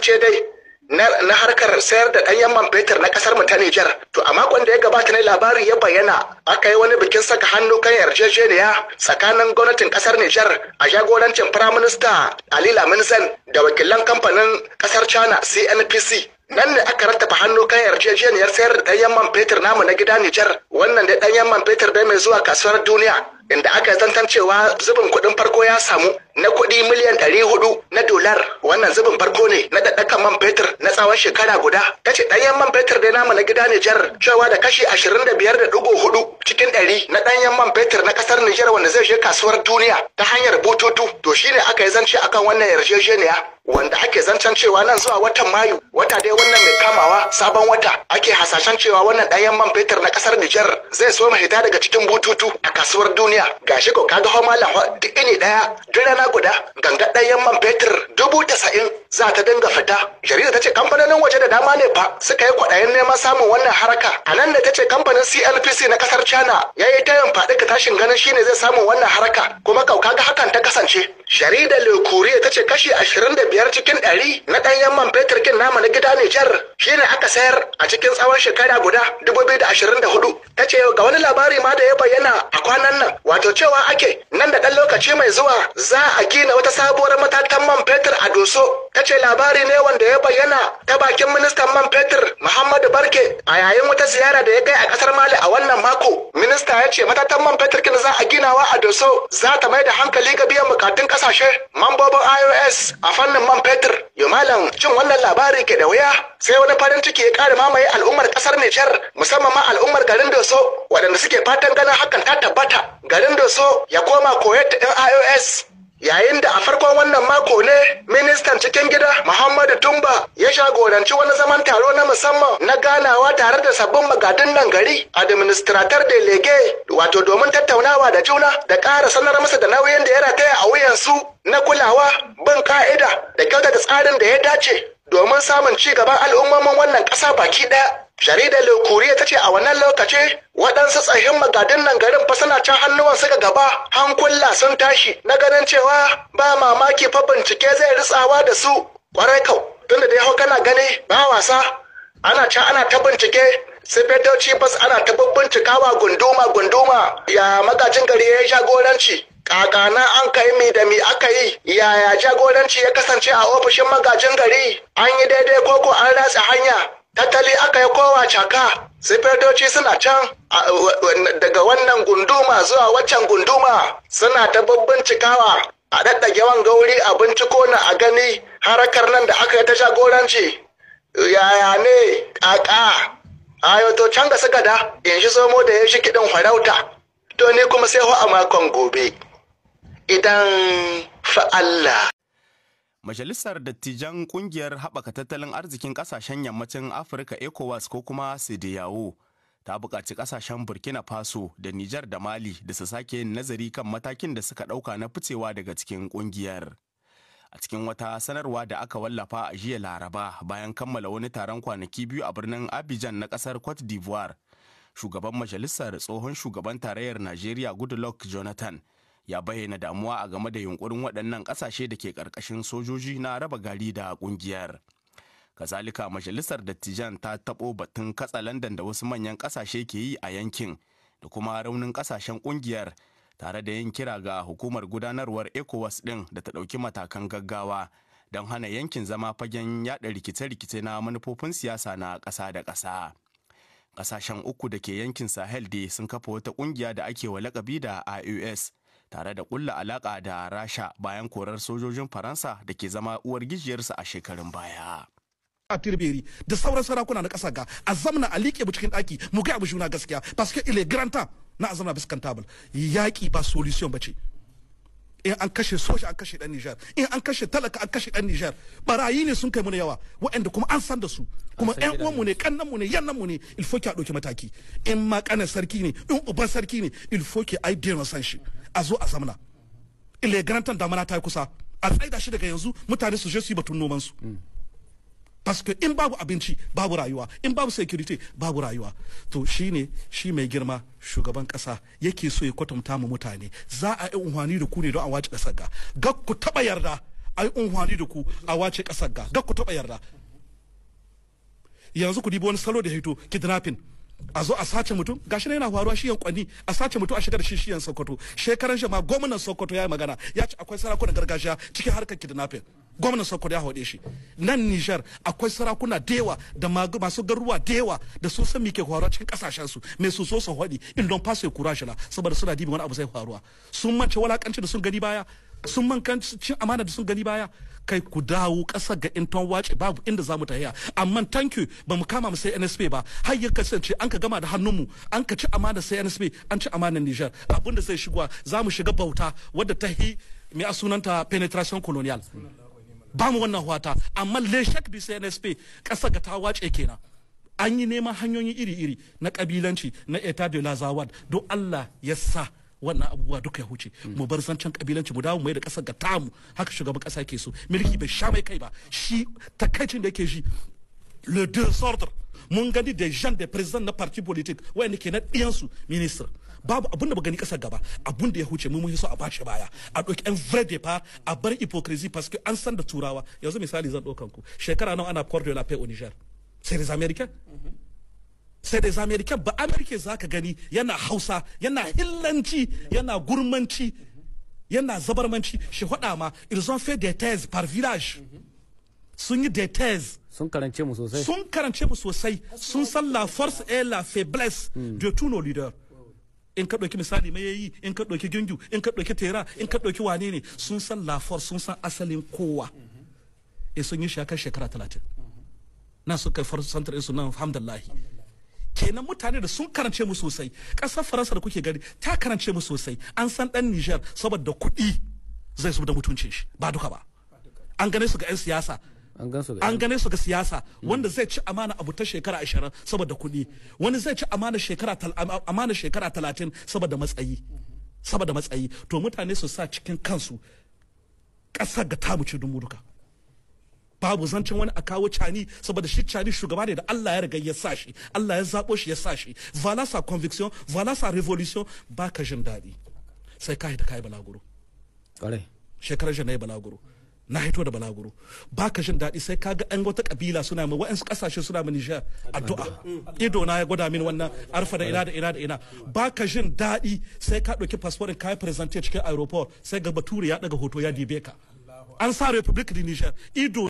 kasance dai na harkar sayar da ɗanyen man fetur na ƙasar mu ta Nijar. To a makon da ya gabata ne labari ya bayyana aka yi wani bikin saka hannu kan yarjejeniya tsakanin gwamnatin ƙasar Nijar a jagorancin Firaminista Ali Laminzan da wakilan kamfanin ƙasar China CNPC nan ne aka rattafa hannu kan yarjejeniyar sayar da ɗanyen man fetur namu na gida Nijar wannan da ɗanyen man fetur dai mai zuwa kasuwar duniya inda aka cewa zubin kuɗin farko ya samu na kuɗi miliyan ɗari hudu na dolar wannan zubin farko ne na ɗaɗɗakan man fetur na tsawon shekara guda ta ce ɗanyen man fetur dai namu na gida Nijar cewa da kashi ashirin da biyar da ɗigo hudu cikin ɗari na ɗanyen man fetur na ƙasar Nijar wanda zai je kasuwar duniya ta hanyar bututu to shine aka yi zance akan wannan yarjejeniya wanda ake zancen cewa nan zuwa watan mayu wata dai wannan mai kamawa sabon wata ake hasashen cewa wannan ɗayan man fetur na ƙasar Nijar zai so hita daga cikin bututu a kasuwar duniya gashi ko kaga homa lahwa duk ini ɗaya duk rana guda ganga ɗayan man fetur dubu tasa'in za ta dinga fita jarida ta ce kamfanonin waje da dama ne fa suka yi kwaɗayin neman samun wannan haraka a nan da ta ce kamfanin CLPC na ƙasar China ya yi tayin faɗi ka tashin ganin shine zai samu wannan haraka kuma kaukaga ga hakan ta kasance jarida Le ta ce kashi ashirin da biyar cikin ɗari na ɗanyen man fetur kin nama na gida jar Shi ne aka sayar a cikin tsawon shekara guda 2024 ta ce ga wani labari ma da ya bayyana a kwanan nan wato cewa ake nan da ɗan lokaci mai zuwa za a gina wata sabuwar matatan man fetur a doso ta ce labari ne wanda ya bayyana ta bakin ministan man fetur muhammadu barke a yayin wata ziyara da ya kai a kasar mali a wannan mako minista ya ce matatan man fetur kin za a ginawa a doso za ta mai da hankali ga biyan bukatun kasashe mambobin ios a fannin man fetur yo malam cin wannan labari ke da wuya sai Wani farin ciki ya kare mamaye al'ummar kasar Nijar musamman ma al'ummar garin Doso waɗanda suke fatan ganin hakan ta tabbata garin Doso ya koma koyar da IOS yayin da a farkon wannan mako ne ministan cikin gida muhammadu tumba ya shagoranci wani zaman taro na musamman na ganawa tare da sabbin magadin nan gari administrator lege wato domin tattaunawa da juna da ƙara sanar masa da nauyin da ya rataya a wuyansu na kulawa bin ka'ida da kyautata tsarin da ya dace domin samun ci gaban al'ummomin wannan ƙasa baki ɗaya. Jaridar Le ta ce a wannan lokaci waɗansu tsahin magadin nan garin fa suna can hannuwan suka gaba hankula sun tashi na ganin cewa ba mamaki fa bincike zai ritsawa da su kwarai kau tunda dai hau kana gani ba wasa ana can ana ta bincike sifetoci bas ana ta bincikawa gunduma gunduma ya magajin gari ya jagoranci kakana an kai mi da mi aka yi yaya jagoranci ya kasance a ofishin magajin gari an yi daidai koko an ratsa hanya tattali aka yi kowa caka sifirtoci suna can daga wannan gunduma zuwa waccan gunduma suna ta cikawa a daddage wanga wuri a binciko na a gani harakar nan da aka yi ta jagoranci yaya ne kaka ayoto can ga suka da in shi zomo da ya shi kiɗin farauta to ni kuma sai ho a makon gobe idan fa Allah. Majalisar Dattijan Kungiyar Haɓaka Tattalin Arzikin Ƙasashen Yammacin Afirka ECOWAS ko kuma Sidiyawo ta buƙaci ƙasashen Burkina Faso da Nijar da Mali da su sake yin nazari kan matakin da suka ɗauka na ficewa daga cikin ƙungiyar. A cikin wata sanarwa da aka wallafa a jiya Laraba bayan kammala wani taron kwanaki biyu a birnin Abidjan na ƙasar Cote d'Ivoire, shugaban majalisar tsohon shugaban tarayyar Najeriya Goodluck Jonathan ya bayyana damuwa a game da yunkurin waɗannan ƙasashe da ke ƙarƙashin sojoji na raba gari da ƙungiyar. Kazalika majalisar dattijan ta taɓo batun katsa Landan da wasu manyan ƙasashe ke yi a yankin da kuma raunin ƙasashen ƙungiyar tare da yin kira ga hukumar gudanarwar ECOWAS ɗin da ta ɗauki matakan gaggawa don hana yankin zama fagen yaɗa rikice-rikice na manufofin siyasa na ƙasa da ƙasa. Ƙasashen uku da ke yankin Sahel dai sun kafa wata ƙungiya da ake wa lakabi da IOS tare da kulla alaka da rasha bayan korar sojojin faransa da ke zama uwar gijiyarsa a shekarun baya a tirberi da sauran sarakuna na kasa ga azamna a liƙe cikin ɗaki mu ga abu juna gaskiya paske ile granta na azamna biskan tabal yaƙi ba solution ba ce in an kashe soja an kashe ɗan Nijar in an kashe talaka an kashe ɗan Nijar barayi ne sun kai mu yawa waɗanda kuma an san da su kuma ƴan uwan mu ne kannan mu ne yannan mu ne il a ɗauki mataki in ma sarki ne in uban sarki ne il faut ai dena san shi a zo a zamana ile garantan damana ta yi kusa a tsaida shi daga yanzu mutane su je su yi batun noman su paske in babu abinci babu rayuwa in babu security babu rayuwa to shine shi mai girma shugaban kasa yake so ya kwatanta mu mutane za a yi unhwani da ku ne don a wace kasar ga ga ku taba yarda a yi unhwani da ku a wace kasar ga ga ku taba yarda yanzu ku dibi wani salo da haito kidnapping a zo a sace mutum gashi yana faruwa shi yan kwani a sace mutum a shigar shi shi yan sokoto shekaran shi ma gwamnan sokoto ya yi magana ya ce akwai sarakunan gargajiya cikin harkar kidnapping gwamnan sokoto ya haɗe shi nan nijar akwai sarakuna dewa da masu garuruwa dewa da su san ke faruwa cikin kasashen su mai su so su haɗi in don fasu ya kura shi saboda suna dibin wani abu zai faruwa sun mance walakanci da sun gani baya sun mankan cin amana da sun gani baya kai ku dawo ƙasa ga intan wace babu inda za mu tahiya amma thank you ba mu kama mu sai NSP ba har ya kasance an ka gama da hannunmu an ka ci amana sai NSP an ci amanar Niger da zai shigowa za mu shiga bauta wadda ta hi mai a sunanta penetration colonial ba mu wannan hwata amma leshak bi sai NSP ƙasa ga ta wace kenan an yi neman hanyoyin iri-iri na kabilanci na eta de la Zawad don Allah ya sa wannan abubuwa duka ya huce mu bar zancen kabilanci mu dawo mu da kasar ga tamu haka shugaban kasa ke so mulki bai sha mai kai ba shi takaicin da yake shi le désordre mun gani des gens da president na parti politique ne ke na su ministre babu abun da ba gani kasar gaba abun da ya huce mu mun so a bashi baya a ɗauki en vrai départ a bar hypocrisie parce que an san da turawa yanzu misali zan ɗaukan ku shekara nawa ana cordial la paix au Niger c'est les américains sai dai amerika ba amerika zaka gani yana hausa yana hillanci yana gurmanci yana zabarmanci shi hada ma ils ont fait des thèses par village sun yi des thèses sun karance mu sosai sun karance mu sosai sun la force et la faiblesse hmm. de tous nos leaders in ka fait misali mai yayi in ka des gingu in ka fait tera in ka ont wane ne sun san la force sun san asalin kowa e sun yi shakar shekara fait na suka Ils santar alhamdulillah kenan mutane da sun karance mu sosai ƙasar faransa da kuke gani ta karance mu sosai an san ɗan nijar saboda kuɗi zai su da mutuncin shi ba duka ba an gane su ga 'yan siyasa an gane su ga siyasa wanda zai ci amana abu ta shekara ashirin saboda kuɗi wani zai ci amana shekara talatin saboda matsayi saboda matsayi to mutane su sa cikin kansu ƙasar ga tamu ce dumu duka babu zancen wani a kawo cani saboda shi cani shugaba ne da Allah ya riga ya sa shi Allah ya zabo shi ya sa shi voilà sa conviction voilà sa révolution ba ka jin dadi sai ka da kai balaguro kare shekarar jana ya balaguro na hito da balaguro ba ka jin dadi sai ka ga an wata kabila suna mai wa'ansu kasashe suna mai Niger addu'a ido na ya gwada min wannan arfa da ina da ina da ina ba ka jin dadi sai ka ɗauki fasforin ka yi cikin aeroport sai ga bature ya daga hoto ya dibe ka an sa republic di Niger ido